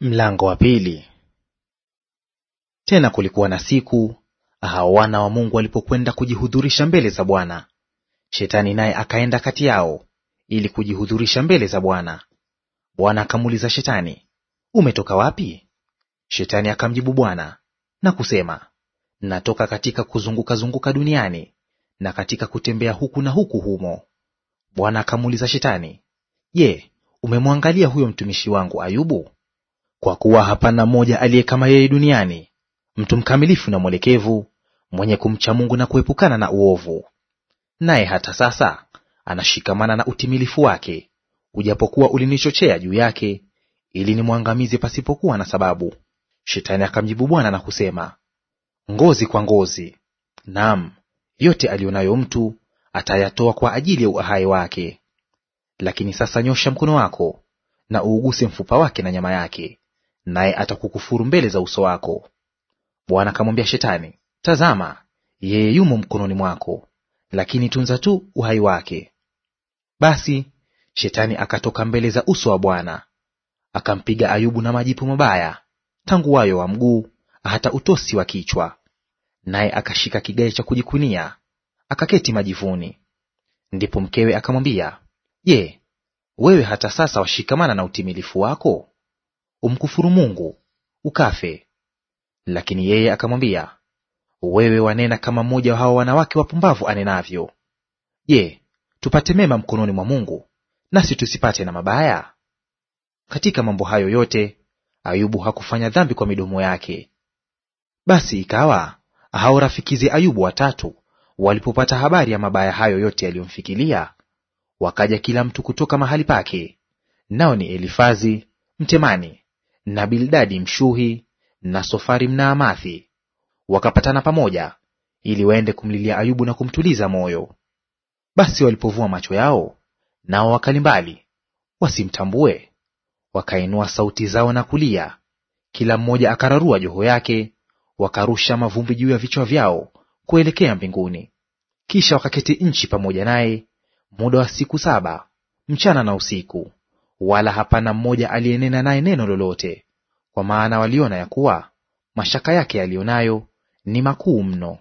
Mlango wa pili. Tena kulikuwa na siku hao wana wa Mungu walipokwenda kujihudhurisha mbele za Bwana, Shetani naye akaenda kati yao ili kujihudhurisha mbele za Bwana. Bwana akamuuliza Shetani, umetoka wapi? Shetani akamjibu Bwana na kusema, natoka katika kuzunguka zunguka duniani na katika kutembea huku na huku humo. Bwana akamuuliza Shetani, je, umemwangalia huyo mtumishi wangu Ayubu? Kwa kuwa hapana mmoja aliye kama yeye duniani, mtu mkamilifu na mwelekevu, mwenye kumcha Mungu na kuepukana na uovu. Naye hata sasa anashikamana na utimilifu wake, ujapokuwa ulinichochea juu yake ili nimwangamize pasipokuwa na sababu. Shetani akamjibu Bwana na kusema, ngozi kwa ngozi; naam, yote aliyonayo mtu atayatoa kwa ajili ya uhai wake. Lakini sasa nyosha mkono wako na uuguse mfupa wake na nyama yake, naye atakukufuru mbele za uso wako. Bwana akamwambia Shetani, tazama, yeye yumo mkononi mwako, lakini tunza tu uhai wake. Basi Shetani akatoka mbele za uso wa Bwana, akampiga Ayubu na majipu mabaya tangu wayo wa mguu hata utosi wa kichwa, naye akashika kigae cha kujikunia, akaketi majivuni. Ndipo mkewe akamwambia, Je, wewe hata sasa washikamana na utimilifu wako? umkufuru Mungu ukafe. Lakini yeye akamwambia, wewe wanena kama mmoja wa hao wanawake wapumbavu anenavyo. Je, tupate mema mkononi mwa Mungu, nasi tusipate na mabaya? Katika mambo hayo yote Ayubu hakufanya dhambi kwa midomo yake. Basi ikawa hao rafikize Ayubu watatu walipopata habari ya mabaya hayo yote yaliyomfikilia, wakaja kila mtu kutoka mahali pake, nao ni Elifazi Mtemani na Bildadi Mshuhi na Sofari Mnaamathi wakapatana pamoja ili waende kumlilia Ayubu na kumtuliza moyo. Basi walipovua macho yao, nao wakalimbali wasimtambue, wakainua sauti zao na kulia, kila mmoja akararua joho yake, wakarusha mavumbi juu ya vichwa vyao kuelekea mbinguni. Kisha wakaketi nchi pamoja naye muda wa siku saba mchana na usiku wala hapana mmoja aliyenena naye neno lolote, kwa maana waliona ya kuwa mashaka yake yaliyo nayo ni makuu mno.